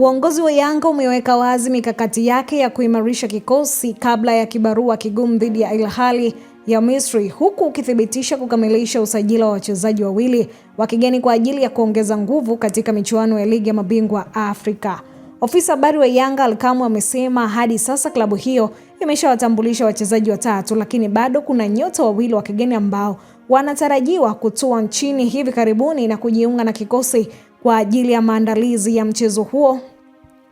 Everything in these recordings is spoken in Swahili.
Uongozi wa Yanga umeweka wazi mikakati yake ya kuimarisha kikosi kabla ya kibarua kigumu dhidi ya Al Ahly ya Misri, huku ukithibitisha kukamilisha usajili wa wachezaji wawili wa kigeni kwa ajili ya kuongeza nguvu katika michuano ya Ligi ya Mabingwa Afrika. Ofisa habari wa Yanga Alkamu amesema hadi sasa klabu hiyo imeshawatambulisha wachezaji watatu, lakini bado kuna nyota wawili wa kigeni ambao wanatarajiwa kutua nchini hivi karibuni na kujiunga na kikosi kwa ajili ya maandalizi ya mchezo huo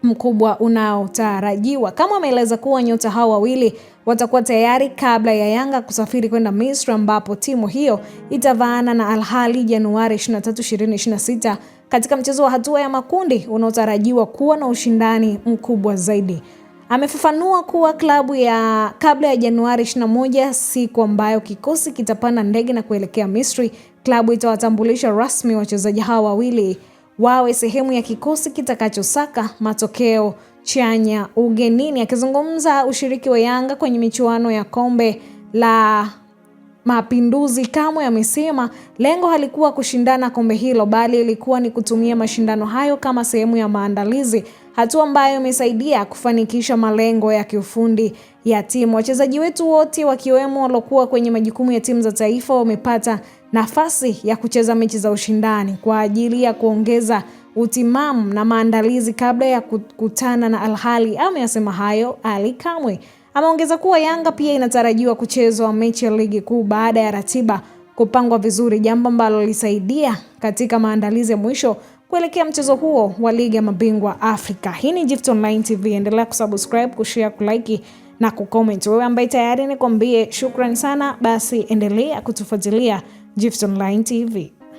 mkubwa unaotarajiwa. Kama ameeleza kuwa nyota hao wawili watakuwa tayari kabla ya Yanga kusafiri kwenda Misri ambapo timu hiyo itavaana na Al Ahly Januari 23, 2026 katika mchezo wa hatua ya makundi unaotarajiwa kuwa na ushindani mkubwa zaidi. Amefafanua kuwa klabu ya kabla ya Januari 21, siku ambayo kikosi kitapanda ndege na kuelekea Misri, klabu itawatambulisha rasmi wachezaji hao wawili wawe sehemu ya kikosi kitakachosaka matokeo chanya ugenini. Akizungumza ushiriki wa Yanga kwenye michuano ya kombe la Mapinduzi kamwe amesema lengo halikuwa kushindana kombe hilo bali ilikuwa ni kutumia mashindano hayo kama sehemu ya maandalizi, hatua ambayo imesaidia kufanikisha malengo ya kiufundi ya timu. Wachezaji wetu wote wakiwemo waliokuwa kwenye majukumu ya timu za taifa wamepata nafasi ya kucheza mechi za ushindani kwa ajili ya kuongeza utimamu na maandalizi kabla ya kukutana na Al Ahly. Ameyasema hayo Ali Kamwe. Ameongeza kuwa Yanga pia inatarajiwa kuchezwa mechi ya ligi kuu baada ya ratiba kupangwa vizuri, jambo ambalo lilisaidia katika maandalizi ya mwisho kuelekea mchezo huo wa ligi ya mabingwa Afrika. Hii ni Gift Online TV, endelea kusubscribe, kushare, kulike na kucomment. Wewe ambaye tayari nikwambie shukran sana, basi endelea kutufuatilia Gift Online TV.